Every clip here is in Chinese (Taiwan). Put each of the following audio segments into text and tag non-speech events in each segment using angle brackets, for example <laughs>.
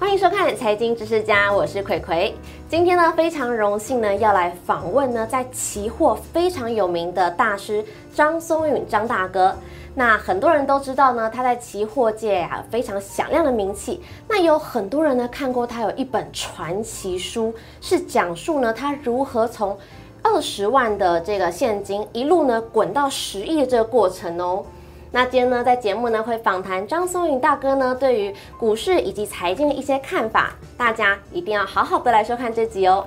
歡迎收看《財經知識家》，我是奎奎。今天呢，非常榮幸呢，要來訪問呢，在期貨非常有名的大師張松允張大哥。那很多人都知道呢，他在期貨界呀、啊、非常響亮的名氣。那有很多人呢看過他有一本傳奇書，是講述呢他如何從二十萬的這個現金一路呢滾到十億的這個過程哦。那今天呢，在節目呢會訪談張松允大哥呢，對於股市以及財經的一些看法，大家一定要好好的來收看這集哦。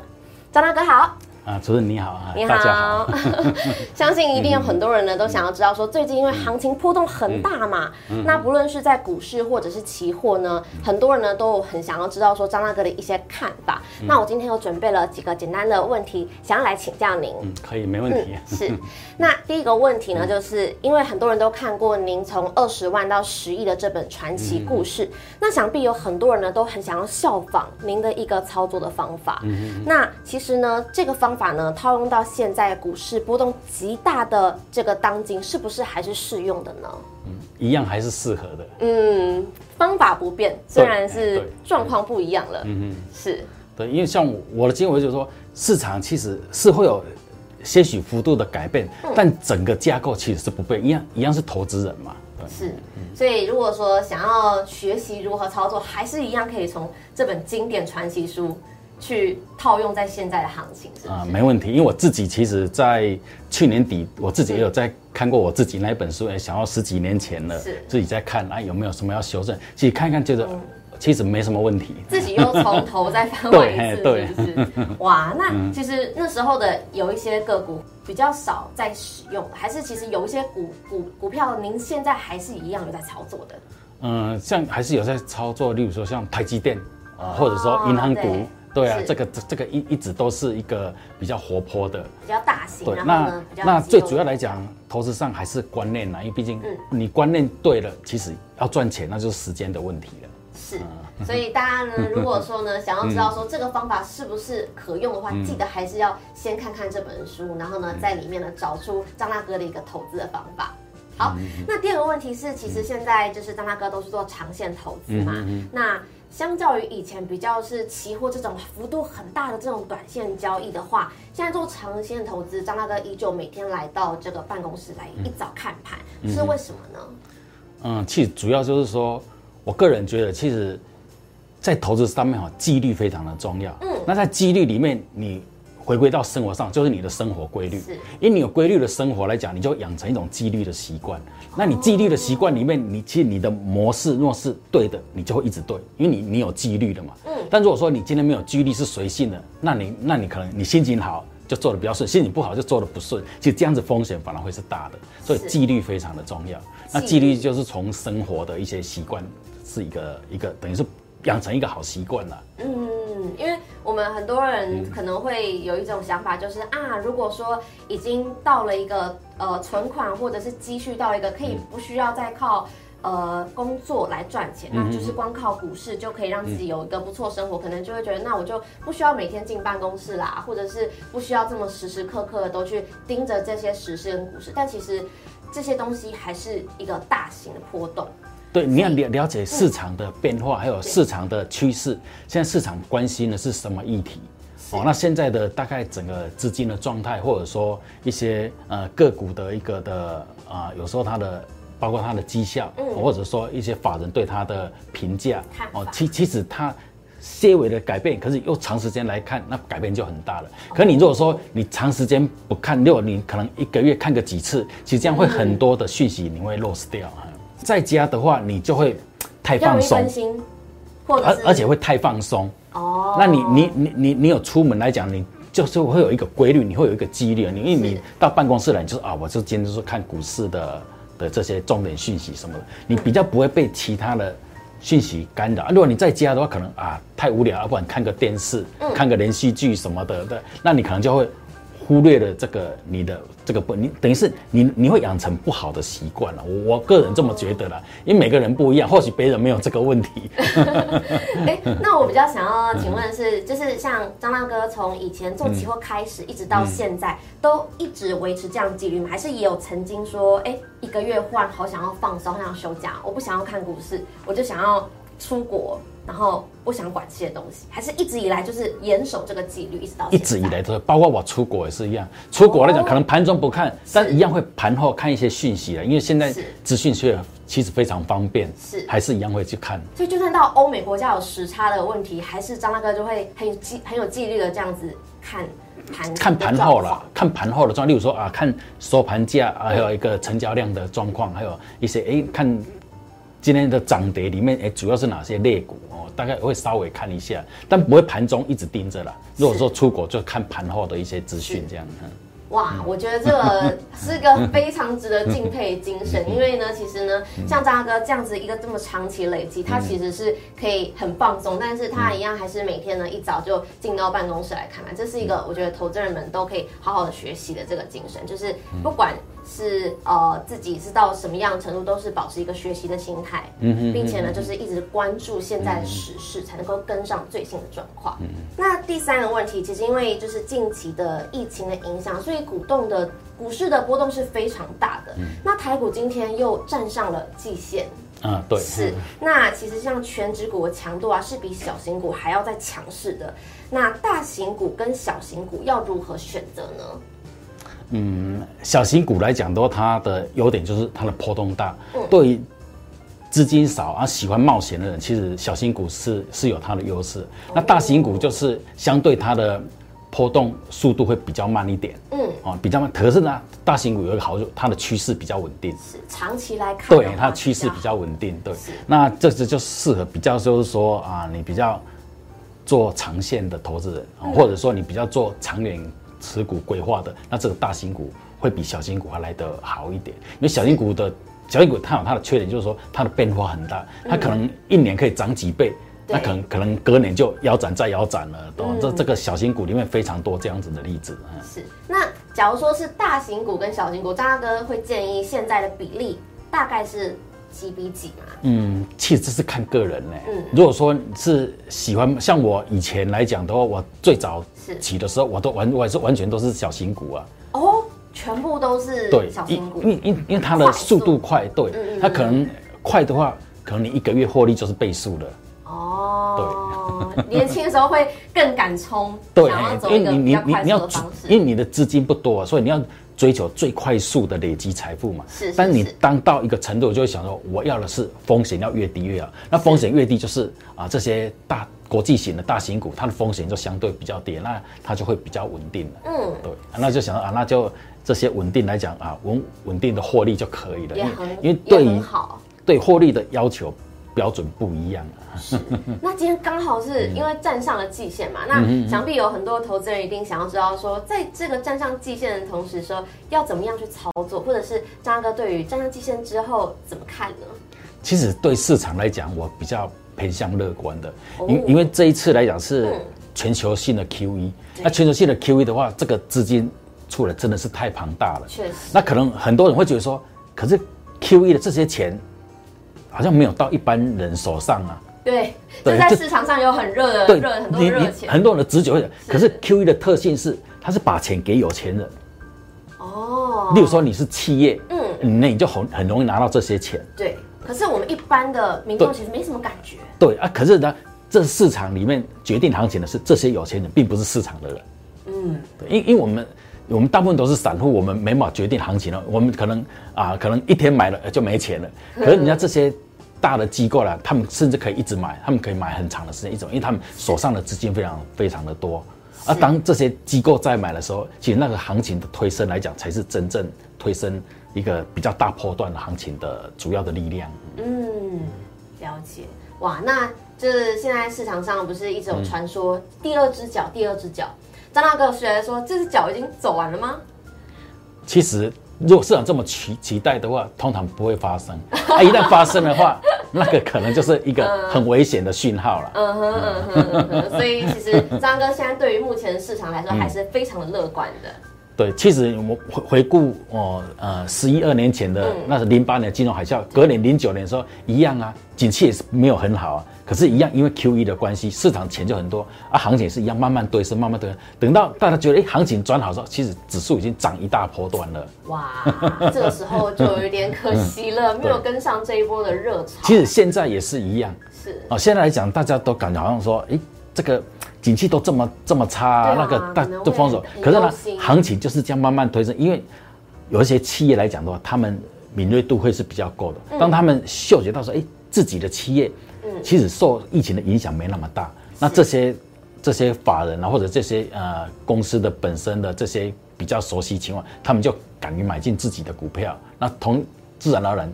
張大哥好。啊，主任你好啊！你好，大家好 <laughs> 相信一定有很多人呢、嗯、都想要知道說，最近因為行情波動很大嘛，嗯、那不論是在股市或者是期貨呢，嗯、很多人呢都很想要知道說張大哥的一些看法。嗯、那我今天有準備了幾個簡單的問題，想要來請教您。嗯，可以，沒問題、嗯。是，那第一個問題呢，就是因為很多人都看過您從二十萬到十億的這本傳奇故事，嗯、那想必有很多人呢都很想要效仿您的一個操作的方法。嗯嗯。那其實呢，這個方。方法呢？套用到現在股市波動極大的這個當今，是不是還是適用的呢？嗯，一樣還是適合的。嗯，方法不變，雖然是狀況不一樣了。嗯嗯，對對是對，因為像我的經文，就是說市場其實是會有些許幅度的改變，嗯、但整個架構其實是不變，一樣一樣是投資人嘛。對，是，所以如果說想要學習如何操作，還是一樣可以從這本經典傳奇書。去套用在現在的行情是啊、嗯，沒問題。因為我自己其實，在去年底，我自己也有在看過我自己那一本書，哎，想要十幾年前了，是自己在看啊，有沒有什麼要修正？其實看看覺得，就是、嗯、其實沒什麼問題。自己又從頭再翻完一次，是不是？對，對。哇，那其實那時候的有一些個股比較少在使用，還是其實有一些股股股票，您現在還是一樣有在操作的？嗯，像還是有在操作，例如說像台積電或者說銀行股。哦對啊，這個這個一一直都是一個比較活潑的，比較大型。對，那那最主要來講,投資上還是觀念啊，因為畢竟你觀念對了，其實要賺錢那就是時間的問題了。是，所以大家呢，如果說呢，想要知道說這個方法是不是可用的話，記得還是要先看看這本書，然後呢，在裡面呢，找出張大哥的一個投資的方法。好，那第二個問題是，其實現在就是張大哥都是做長線投資嘛，那。相較於以前比較是期貨這種幅度很大的這種短線交易的話，現在做長線投資，張大哥依舊每天來到這個辦公室來一早看盤，嗯、這是為什麼呢？嗯，其實主要就是說我個人覺得，其實，在投資上面哈，紀律非常的重要。嗯，那在紀律裡面，你。回歸到生活上，就是你的生活規律。是，因為你有規律的生活來講，你就養成一種紀律的習慣。那你紀律的習慣裡面，你其實你的模式若是對的，你就會一直對，因為你你有紀律的嘛。嗯。但如果說你今天沒有紀律是隨性的，那你那你可能你心情好就做的比較順，心情不好就做的不順，其實這樣子風險反而會是大的。所以紀律非常的重要。那紀律就是從生活的一些習慣，是一個一個等於是養成一個好習慣了。嗯。嗯，因為我們很多人可能會有一種想法，就是啊，如果說已經到了一個呃存款，或者是積蓄到一個可以不需要再靠呃工作來賺錢，那就是光靠股市就可以讓自己有一個不錯生活，嗯、可能就會覺得那我就不需要每天進辦公室啦，或者是不需要這麼時時刻刻的都去盯着這些時事跟股市，但其實這些東西還是一個大型的波動。對，你要了了解市場的變化，是還有市場的趨勢。對現在市場關心的是什麼議題？是哦，那現在的大概整個資金的狀態，或者說一些呃個股的一個的啊、呃，有時候它的包括它的績效，嗯、或者說一些法人對它的評價。法哦，其其實它些微的改變，可是又長時間來看，那改變就很大了。Okay. 可是你如果說你長時間不看，六，你可能一個月看個幾次，其實這樣會很多的訊息你會漏失掉。嗯嗯在家的話，你就會太放鬆，而而且會太放鬆哦。那你你你你你有出門來講，你就是會有一個規律，你會有一個紀律。你因為你到辦公室來，你就是啊，我就堅持是看股市的的這些重點訊息什麼的，你比較不會被其他的訊息干擾、啊。如果你在家的話，可能啊太無聊，不管看個電視、嗯、看個連續劇什麼的的，那你可能就會。忽略了這個你的這個不，你等於是你你會養成不好的習慣了，我個人這麼覺得啦，因為每個人不一樣，或許別人沒有這個問題。哎、 <laughs> 欸，那我比較想要請問是，嗯、就是像張大哥從以前做期貨開始，一直到現在、嗯、都一直維持這樣的紀律嗎？還是也有曾經說，哎、欸，一個月換好想要放鬆，想要休假，我不想要看股市，我就想要。出國，然後不想管這些東西，還是一直以來就是嚴守這個紀律，一直到一直以來都包括我出國也是一樣。出國來講，哦、可能盤中不看，是但一樣會盤後看一些訊息，因為現在資訊卻其實非常方便，是還是一樣會去看。是所以就算到歐美國家有時差的問題，還是張大哥就會很紀很有紀律的這樣子看盤看盤後了，看盤後的狀況，例如說啊，看收盤價，還有一個成交量的狀況，還有一些哎看。今天的漲跌裡面，哎、欸，主要是哪些類股哦？大概會稍微看一下，但不會盤中一直盯着了。是如果說出國，就看盤後的一些資訊這樣。是嗯、哇，嗯、我覺得這個 <laughs> 是一個非常值得敬佩的精神，嗯、因為呢，其實呢，像張大哥這樣子一個這麼長期累積，嗯、他其實是可以很放鬆，嗯、但是他一樣還是每天呢一早就進到辦公室來看看。這是一個我覺得投資人們都可以好好的學習的這個精神，就是不管。是呃，自己是到什麼樣程度，都是保持一個學習的心態，嗯、哼並且呢，嗯、哼就是一直關注現在的時事，嗯、哼才能夠跟上最新的狀況。嗯、哼那第三個問題，其實因為就是近期的疫情的影響，所以股動的股市的波動是非常大的。嗯、那台股今天又站上了季線，啊、嗯、對，是。是是，那其實像權值股的強度啊，是比小型股還要再強勢的。那大型股跟小型股要如何選擇呢？嗯，小型股來講的話，它的優點就是它的波動大。嗯、對於資金少啊、喜歡冒險的人，其實小型股是是有它的優勢。那大型股就是相對它的波動速度會比較慢一點。嗯，啊、嗯，比較慢。可是呢，大型股有一個好處，它的趨勢比較穩定。是，長期來看。對，它的趨勢比較穩定，是。對。那這是就適合比較就是說啊，你比較做長線的投資人，嗯嗯、或者說你比較做長遠。持股規劃的，那這個大型股會比小型股還來得好一點，因為小型股的是小型股它有它的缺點，就是說它的變化很大，它可能一年可以漲幾倍，那、嗯、可能可能隔年就腰斬再腰斬了，對懂、嗯、這這個小型股裡面非常多這樣子的例子。是，那假如說是大型股跟小型股，張大哥會建議現在的比例大概是？幾比幾嘛、啊？嗯，其實這是看個人嘞。嗯、如果說是喜歡像我以前來講的話，我最早起的時候，是我都完我是完全都是小型股啊。哦，全部都是小型股。對，股，因因因為它的速度快，快速對，它可能快的話，可能你一個月獲利就是倍數了。哦，對，年輕的時候會更敢衝，對，因為你你你你，你要，因為你的資金不多、啊，所以你要。追求最快速的累積財富嘛，是，是。但你當到一個程度，就會想說，我要的是風險要越低越好。那風險越低，就是啊，這些大國際型的大型股，它的風險就相對比較低，那它就會比較穩定。嗯，對。那就想說啊，那就這些穩定來講啊，穩穩定的獲利就可以了。因為因為對於對獲利的要求。標準不一樣，啊、是。那今天剛好是因為站上了季線嘛，嗯、那想必有很多投資人一定想要知道說，在這個站上季線的同時，說要怎麼樣去操作，或者是張哥對於站上季線之後怎麼看呢？其實對市場來講，我比較偏向樂觀的，哦、因因為這一次來講是全球性的 QE，、嗯、那全球性的 QE 的話，這個資金出來真的是太龐大了。確確實。那可能很多人會覺得說，可是 QE 的這些錢。好像沒有到一般人手上啊。對，就在市場上有很熱的熱很多熱錢，很多人的直覺會。是可是 QE 的特性是，它是把錢給有錢人。哦。例如說你是企業，嗯，那你就很很容易拿到這些錢。對。可是我們一般的民眾其實沒什麼感覺。對，對啊，可是呢，這市場裡面決定行情的是這些有錢人，並不是市場的人。嗯。對，因因為我們。我們大部分都是散戶，我們沒法決定行情了。我們可能啊、呃，可能一天買了就沒錢了。可是，人家這些大的機構呢，他們甚至可以一直買，他們可以買很長的時間，一種，因為他們手上的資金非常非常的多。是而當這些機構在買的時候，其實那個行情的推升來講，才是真正推升一個比較大波段的行情的主要的力量。嗯，了解哇。那就是現在市場上不是一直有傳說第二隻腳，第二隻腳，第二隻腳。張大哥，雖然說這隻腳已經走完了嗎？其實，如果市場這麼期期待的話，通常不會發生。它、哎、一旦發生的話， <laughs> 那個可能就是一個很危險的訊號了。嗯哼嗯哼，嗯哼。所以其實張哥現在對於目前市場來說，還是非常的樂觀的。嗯對，其實我們回回顧，我、哦、呃，十一二年前的，那是零八年金融海嘯，嗯、隔年零九年的時候一樣啊，景氣也是沒有很好啊，可是，一樣因為 QE 的關係，市場錢就很多，啊，行情也是一樣慢慢堆升，慢慢堆，等到大家覺得哎，行情轉好的時候，其實指數已經漲一大波段了。哇， <laughs> 這時候就有點可惜了，嗯、沒有跟上這一波的熱潮。其實現在也是一樣，是啊、哦，現在來講，大家都感覺好像說，哎。這個景氣都這麼這麼差，啊、那個大，就放手。可是呢，行情就是這樣慢慢推升，因為有一些企業來講的話，他們敏銳度會是比較夠的。嗯、當他們嗅覺到說，哎、欸，自己的企業，其實受疫情的影響沒那麼大，嗯、那這些是這些法人啊，或者這些呃公司的本身的這些比較熟悉情況，他們就敢於買進自己的股票，那同自然而然。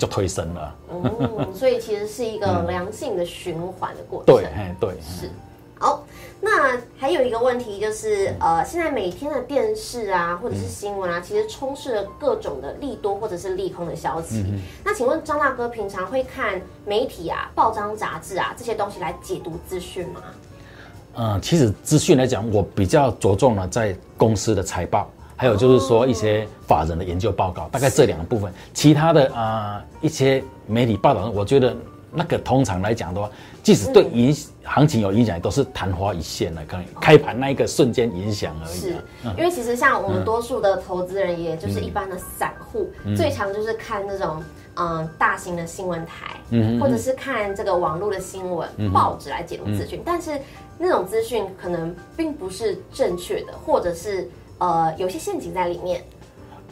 就推升了，嗯，所以其實是一個良性的循環的過程。對、嗯，對，對，是。好，那還有一個問題就是，呃，現在每天的電視啊，或者是新聞啊，其實充斥着各種的利多或者是利空的消息。嗯，那請問張大哥平常會看媒體啊、報章、雜誌啊這些東西來解讀資訊嗎？嗯，其實資訊來講，我比較着重了在公司的財報。還有就是說一些法人的研究報告，嗯、大概這兩個部分，是其他的啊、呃、一些媒體報道，我覺得那個通常來講的話，即使對影行，、嗯、行情有影響，都是曇花一現的、啊，可能開開盤那一個瞬間影響而已、啊。嗯、是，嗯、因為其實像我們多數的投資人，也就是一般的散戶，嗯嗯、最常就是看那種嗯、呃、大型的新聞台，嗯嗯嗯嗯或者是看這個網絡的新聞報紙來解讀資訊，嗯嗯嗯嗯但是那種資訊可能並不是正確的，或者是。呃，有些陷阱在裡面。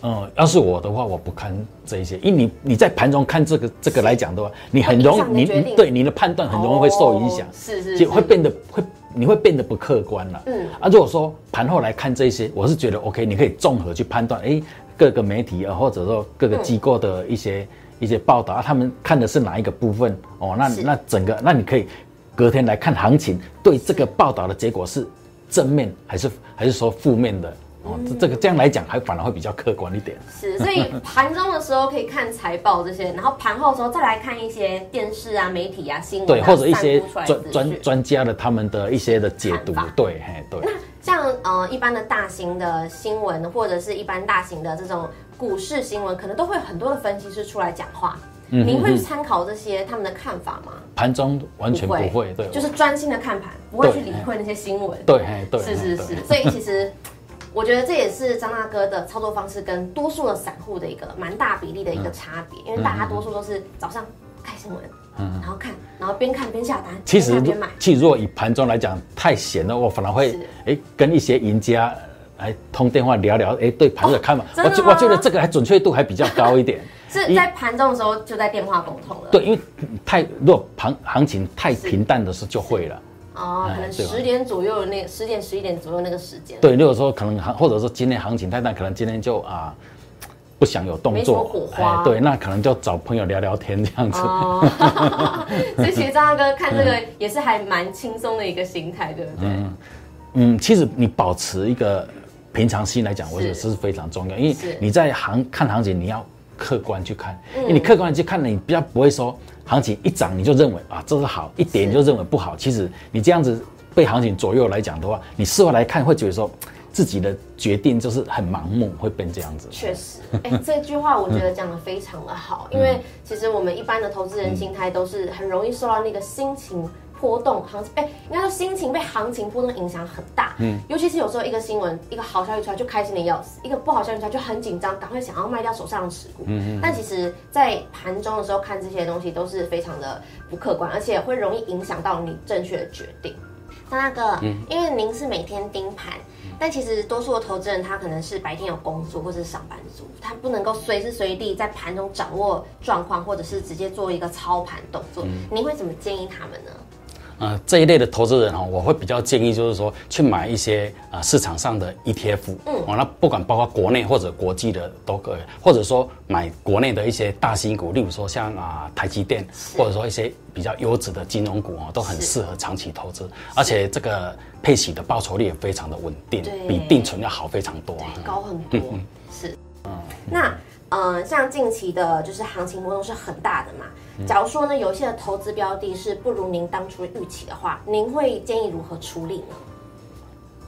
嗯，要是我的話，我不看這一些，因為你你在盤中看這個這個來講的話，是你很容易你你對你的判斷很容易會受影響，哦、是，是是，就會變得會你會變得不客觀了、啊。嗯，啊，如果說盤後來看這些，我是覺得 OK，你可以綜合去判斷，哎，各個媒體啊，或者說各個機構的一些、嗯、一些報道、啊，他們看的是哪一個部分哦？那是那整個那你可以隔天來看行情，對這個報道的結果是正面還是還是說負面的？這個這樣來講，還反而會比較客觀一點。是，所以盤中的時候可以看財報這些，然後盤後的時候再來看一些電視啊、媒體啊、新聞，對，或者一些專專專家的他們的一些的解讀。對，嘿，對。那像呃一般的大型的新聞，或者是一般大型的這種股市新聞，可能都會很多的分析師出來講話。嗯，您會去參考這些他們的看法嗎？盤中完全不會，對，就是專心的看盤，不會去理會那些新聞。對，對，是是是，所以其實。我覺得這也是張大哥的操作方式跟多數的散戶的一個蠻大比例的一個差別，因為大家多數都是早上看新聞，嗯，然後看，然後邊看邊下單，其實，其實如果以盤中來講，太閒了我反而會哎跟一些贏家來通電話聊聊，哎對盤的看法，我覺我覺得這個還準確度還比較高一點。是在盤中的時候就在電話溝通了，對，因為太如果盤行情太平淡的時候就會了。哦，可能十點左右那十吧點十一點左右那個時間。對，如果說可能或者說今天行情太淡，可能今天就啊、呃，不想有動作。沒火花、欸、對，那可能就找朋友聊聊天這樣子。哦、 <laughs> 所以其實張大哥看這個也是還蠻輕鬆的一個心態對。嗯嗯，其實你保持一個平常心來講，我覺得是非常重要，是因為你在行看行情，你要客觀去看，因為你客觀的去看，嗯、你比較不會說。行情一漲，你就認為啊，這是好；一跌你就認為不好。是其實你這樣子被行情左右來講的話，你事後來看會覺得說，自己的決定就是很盲目，會變這樣子。確實，哎、欸， <laughs> 這句話我覺得講的非常的好，嗯、因為其實我們一般的投資人心態都是很容易受到那個心情。波動行，行、欸、哎，應該說心情被行情波動影響很大。嗯，尤其是有時候一個新聞，一個好消息出來就開心的要死，一個不好消息出來就很緊張，趕快想要賣掉手上的持股、嗯。嗯嗯。但其實，在盤中的時候看這些東西都是非常的不客觀，而且會容易影響到你正確的決定。張大哥，嗯，那個、嗯因為您是每天盯盤，但其實多數的投資人他可能是白天有工作或者是上班族，他不能夠隨時隨地在盤中掌握狀況，或者是直接做一個操盤動作。您、嗯、會怎麼建議他們呢？呃，這一類的投資人哈、哦，我會比較建議，就是說去買一些啊、呃、市場上的 ETF，嗯、哦，那不管包括國內或者國際的都可以，或者說買國內的一些大型股，例如說像啊、呃、台積電，是或者說一些比較優質的金融股啊、哦，都很適合長期投資，是而且這個配息的報酬率也非常的穩定，對比定存要好非常多、啊，高很多，嗯嗯是，嗯、呃、那。嗯、呃，像近期的就是行情波動是很大的嘛。嗯、假如說呢，有些的投資標的是不如您當初預期的話，您會建議如何處理呢？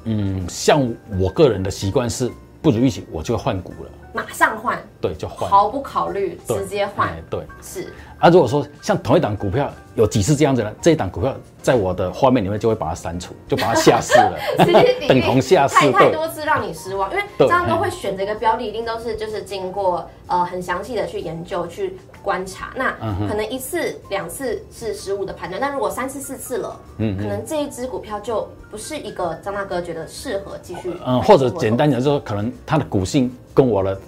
嗯，像我個人的習慣是不如預期，我就要換股了，馬上換。對，就換，毫不考慮直接換，對是。啊，如果說像同一檔股票有幾次這樣子呢？這一檔股票在我的畫面裡面就會把它刪除，就把它下市了，等同下市，太太多次讓你失望，因為張大哥會選擇一個標的，一定都是就是經過呃很詳細的去研究去觀察。那可能一次兩次是失誤的判斷，但如果三次四次了，嗯，可能這一支股票就不是一個張大哥覺得適合繼續。嗯，或者簡單就是說，可能它的股性跟我的。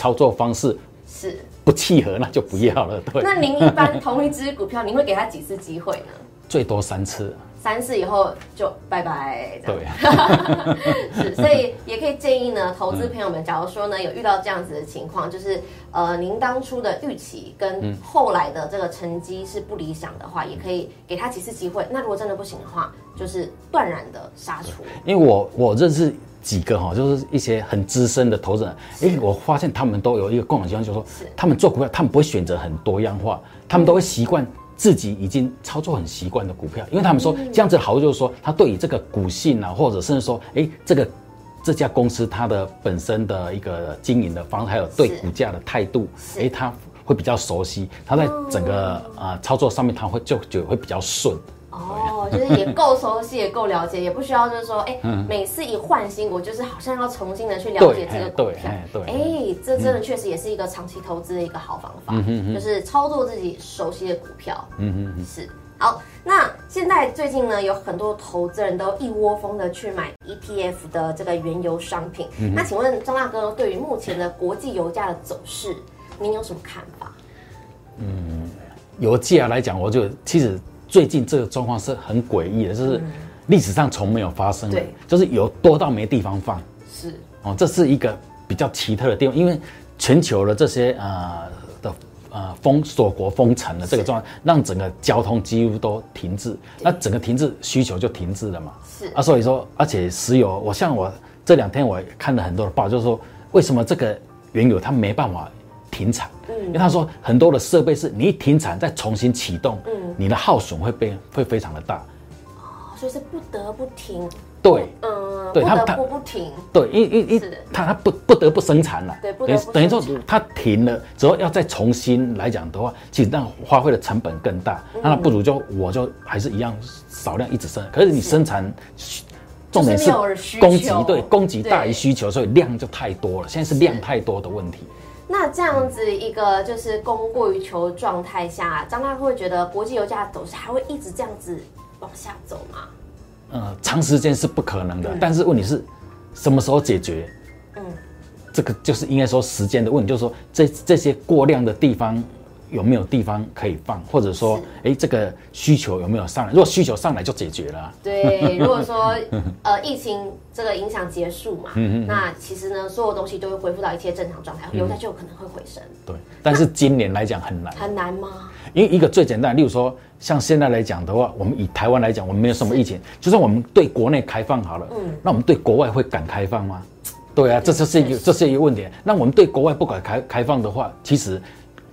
操作方式是不契合，那就不要了。是對，那您一般同一支股票，您會給他幾次機會呢？最多三次，三次以後就拜拜。對、啊， <laughs> 是，所以也可以建議呢，投資朋友們，假如說呢有遇到這樣子的情況，就是呃，您當初的預期跟後來的這個成績是不理想的話，嗯、也可以給他幾次機會。那如果真的不行的話，就是斷然的殺出。因為我我認識，幾個哈，就是一些很資深的投資人。哎、欸，我發現他們都有一個共同情況，就是說，是他們做股票，他們不會選擇很多樣化，是他們都會習慣自己已經操作很習慣的股票，因為他們說這樣子的好處就是說，他對於這個股性啊，或者甚至說，哎、欸，這個這家公司它的本身的一個經營的方式，還有對股價的態度，哎，他、欸、會比較熟悉，他在整個呃操作上面，他會就就會比較順。哦，oh, 就是也夠熟悉， <laughs> 也夠了解，也不需要就是說，哎、欸，嗯、每次一換新股，我就是好像要重新的去了解這個股票。對，哎，哎欸、對這真的確實也是一個長期投資的一個好方法，嗯、就是操作自己熟悉的股票。嗯嗯，嗯嗯是。好，那現在最近呢，有很多投資人都一窩蜂的去買 ETF 的這個原油商品。嗯、那請問張大哥，對於目前的國際油價的走勢，您有什麼看法？嗯，油價來講，我就其實。最近這個狀況是很詭異的，就是歷史上從沒有發生的，對就是有多到沒地方放。是哦，這是一個比較奇特的地方，因為全球的這些呃的呃封鎖國封城的這個狀況，是讓整個交通幾乎都停滯，對那整個停滯，需求就停滯了嘛。是啊，所以說，而且石油，我像我這兩天我看了很多的報，就是說為什麼這個原油它沒辦法停產？嗯，因為他說很多的設備是你一停產再重新啟動。嗯。你的耗損會變會非常的大，哦，所以是不得不停，不對，嗯，對，它的不停，對，一一一，它它不不得不生產了，對，不，不等於說它停了，之後要再重新來講的話，其實讓花費的成本更大，嗯、那不如就我就還是一樣少量一直生，可是你生產，是重點是供給對供給大於需求，對所以量就太多了，現在是量太多的問題。那這樣子一個就是供過於求狀態下，張大哥會覺得國際油價走勢還會一直這樣子往下走嗎？嗯、呃、長時間是不可能的，嗯、但是問題是，什麼時候解決？嗯，這個就是應該說時間的問題，就是說這這些過量的地方，有沒有地方可以放，或者說，哎，這個需求有沒有上來？如果需求上來就解決了。對，如果說呃疫情這個影響結束嘛，那其實呢，所有東西都會恢復到一些正常狀態，油價就有可能會回升。對，但是今年來講很難。很難嗎？因為一個最簡單，例如說像現在來講的話，我們以台灣來講，我們沒有什麼疫情，就算我們對國內開放好了，嗯，那我們對國外會敢開放嗎？對啊，這就是一個，這是一個問題。那我們對國外不敢開開放的話，其實。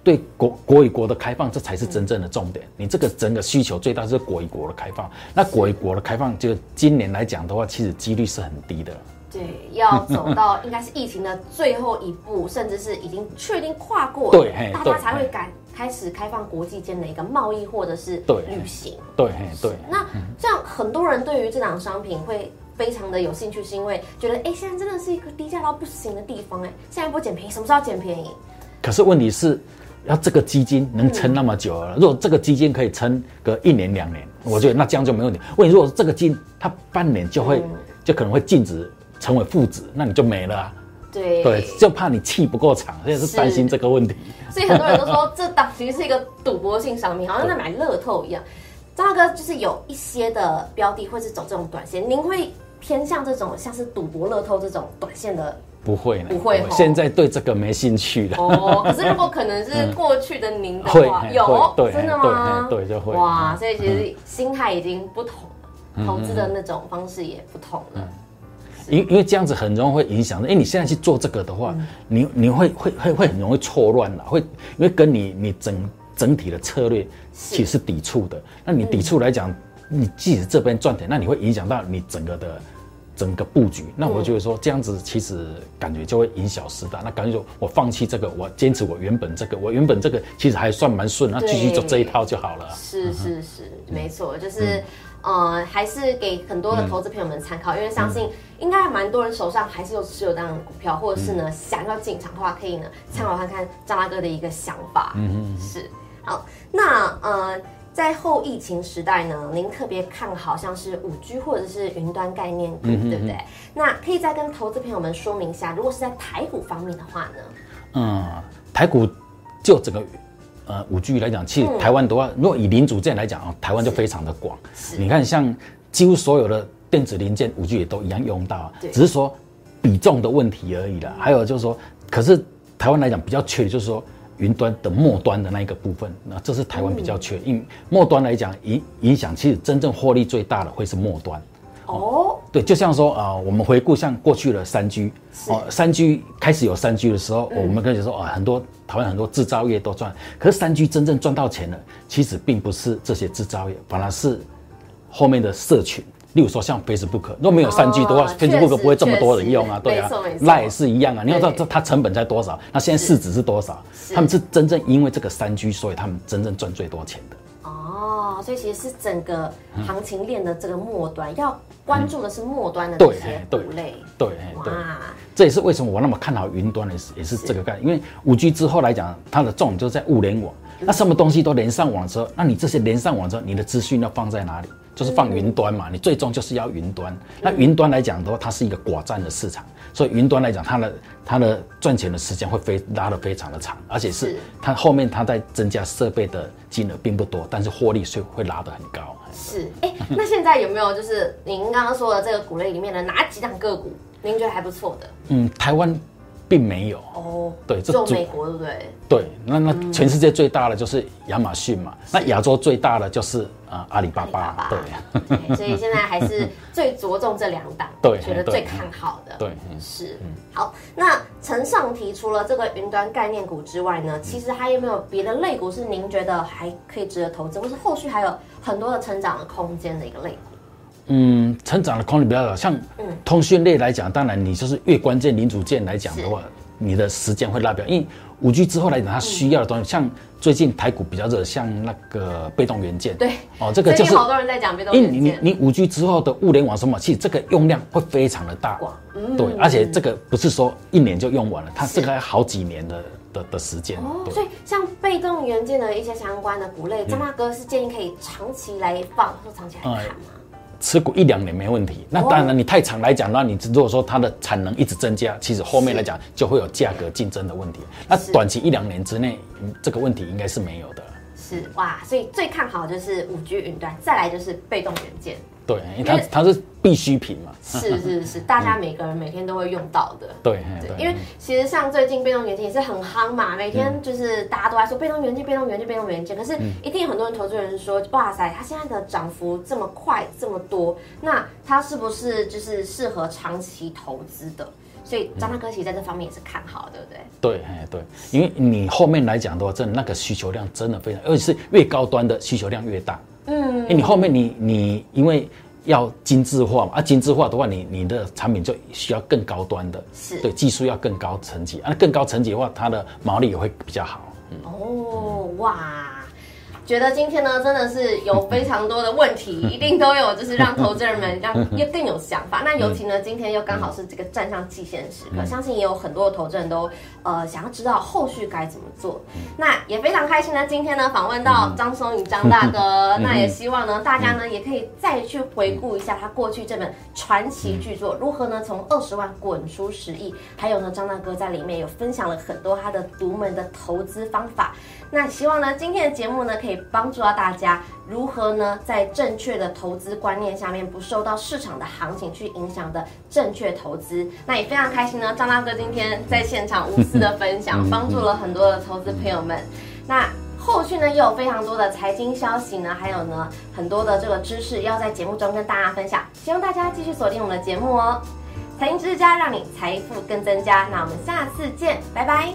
對國國與國的開放，這才是真正的重點。你這個整個需求最大是國與國的開放，那國與國的開放，就今年來講的話，其實幾率是很低的。對，要走到應該是疫情的最後一步， <laughs> 甚至是已經確定跨過，對，大家才會敢開始開放國際間的一個貿易或者是旅行。對對。那像很多人對於這檔商品會非常的有興趣，是因為覺得哎，現在真的是一個低價到不行的地方，哎，現在不撿便宜，什麼時候撿便宜？可是問題是。要這個基金能撐那麼久了，如果這個基金可以撐個一年兩年，我覺得那這樣就沒問題。問你，如果這個基金它半年就會就可能會淨值成為負值，那你就沒了啊。對對，就怕你氣不夠長，所以是擔心這個問題。是 所以很多人都說這檔其實是一個賭博性商品，好像在買樂透一樣。張大哥就是有一些的標的會是走這種短線，您會偏向這種像是賭博樂透這種短線的？不會，不會。現在對這個沒興趣了。哦，可是如果可能是過去的您的話，有，真的嗎？對，就會。哇，所以其實心態已經不同了，投資的那種方式也不同了。因因為這樣子很容易會影響，因為你現在去做這個的話，你你會會會會很容易錯亂了，會因為跟你你整整體的策略其實是抵觸的。那你抵觸來講，你即使這邊賺錢，那你會影響到你整個的。整個佈局，那我就會說這樣子其實感覺就會因小失大。嗯、那感覺就我放棄這個，我堅持我原本這個，我原本這個其實還算蠻順，對那繼續走這一套就好了。是是是，嗯、沒錯，就是，嗯、呃，還是給很多的投資朋友們參考，嗯、因為相信、嗯、應該蠻多人手上還是有持有這樣的股票，或者是呢、嗯、想要進場的話，可以呢參考看看張大哥的一個想法。嗯嗯，是。好，那呃。在後疫情時代呢，您特別看好像是五 G 或者是雲端概念股，嗯、哼哼對不對？那可以再跟投資朋友們說明一下，如果是在台股方面的話呢？嗯，台股就整個呃五 G 來講，其實台灣的話，嗯、如果以零組件來講啊，台灣就非常的廣。你看，像幾乎所有的電子零件，五 G 也都一樣用到，對只是說比重的問題而已了。嗯、還有就是說，可是台灣來講比較缺的就是說，雲端的末端的那一個部分，那這是台灣比較缺。因末端來講，影影響其實真正獲利最大的會是末端。哦，哦，對，就像說啊、呃，我們回顧像過去的 3G< 是>，哦、呃，3G 開始有 3G 的時候，嗯、我們跟你說啊、呃，很多台灣很多制造業都賺，可是 3G 真正賺到錢的，其實並不是這些制造業，反而是後面的社群。例如說像 Facebook，如果沒有三 G 的話，Facebook 不會這麼多人用啊，對啊，那也是一樣啊。對你要知道它成本在多少，那現在市值是多少？他是們是真正因為這個三 G，所以他們真正賺最多錢的。哦，所以其實是整個行情鏈的這個末端、嗯、要關注的是末端的這些類，對、嗯、對，對對對對哇，這也是為什麼我那麼看好雲端的，也是這個概念。因為五 G 之後來講，它的重點就是在物聯網。那什麼東西都連上網之後，那你這些連上網之後，你的資訊要放在哪裡？就是放雲端嘛。你最終就是要雲端。那雲端來講的話，它是一個寡占的市場，所以雲端來講，它的它的賺錢的時間會非拉得非常的長，而且是它後面它在增加設備的金額並不多，但是獲利是會拉得很高。是，哎、欸，那現在有沒有就是您剛剛說的這個股類裡面的哪幾檔個股，您覺得還不錯的？嗯，台灣。並沒有哦，對，就美國對不對？對，那那、嗯、全世界最大的就是亞馬遜嘛，是那亞洲最大的就是、呃、阿里巴巴，對。所以現在還是最着重這兩檔，對，覺得最看好的，對，對是。嗯、好，那承上提出了這個雲端概念股之外呢，其實還有沒有別的類股是您覺得還可以值得投資，或是後續還有很多的成長空間的一個類股？嗯，成長的空間比較少。像通訊類來講，當然你就是越關鍵零組件來講的話，你的時間會拉長。因為五 G 之後來講，它需要的東西，像最近台股比較熱，像那個被動元件，對哦，這個就是好多人在講被動元件。因為你你五 G 之後的物聯網什麼器，這個用量會非常的大，對，而且這個不是說一年就用完了，它這個好幾年的的時間。哦，所以像被動元件的一些相關的股類，張大哥是建議可以長期來放，或長期來看嘛。持股一兩年沒問題，那當然你太長來講的話，你如果說它的產能一直增加，其實後面來講就會有價格競爭的問題。那短期一兩年之內，這個問題應該是沒有的。是，是哇，所以最看好的就是五 G 雲端，再來就是被動元件。對，因為它、它是必需品嘛，是是是、是，大家每個人每天都會用到的。嗯、對、對，因為其實像最近被動元件也是很夯嘛，每天就是大家都在說被動元件、嗯、被動元件、被動元件。可是一定有很多人投資人說，嗯、哇塞，它現在的漲幅這麼快這麼多，那它是不是就是適合長期投資的？所以張大哥其實在這方面也是看好，對不對？對，哎，對，因為你後面來講的話，的真的那個需求量真的非常，而且是越高端的需求量越大。嗯，欸、你後面你你因為要精緻化嘛，啊，精緻化的話你，你你的產品就需要更高端的，是，對技術要更高層級，啊，更高層級的話，它的毛利也會比較好。嗯、哦，哇。覺得今天呢，真的是有非常多的問題，一定都有，就是讓投資人們讓又更有想法。那尤其呢，今天又剛好是這個站上季線時刻，相信也有很多的投資人都呃想要知道後續該怎麼做。那也非常開心呢，今天呢訪問到張松允張大哥，那也希望呢大家呢也可以再去回顧一下他過去這本傳奇巨作，如何呢從二十萬滾出十億？還有呢張大哥在裡面有分享了很多他的獨門的投資方法。那希望呢，今天的節目呢，可以幫助到大家如何呢，在正確的投資觀念下面，不受到市場的行情去影響的正確投資。那也非常開心呢，張大哥今天在現場無私的分享，幫助了很多的投資朋友們。那後續呢，也有非常多的財經消息呢，還有呢，很多的這個知識要在節目中跟大家分享，希望大家繼續鎖定我們的節目哦。財經知識家，讓你財富更增加。那我們下次見，拜拜。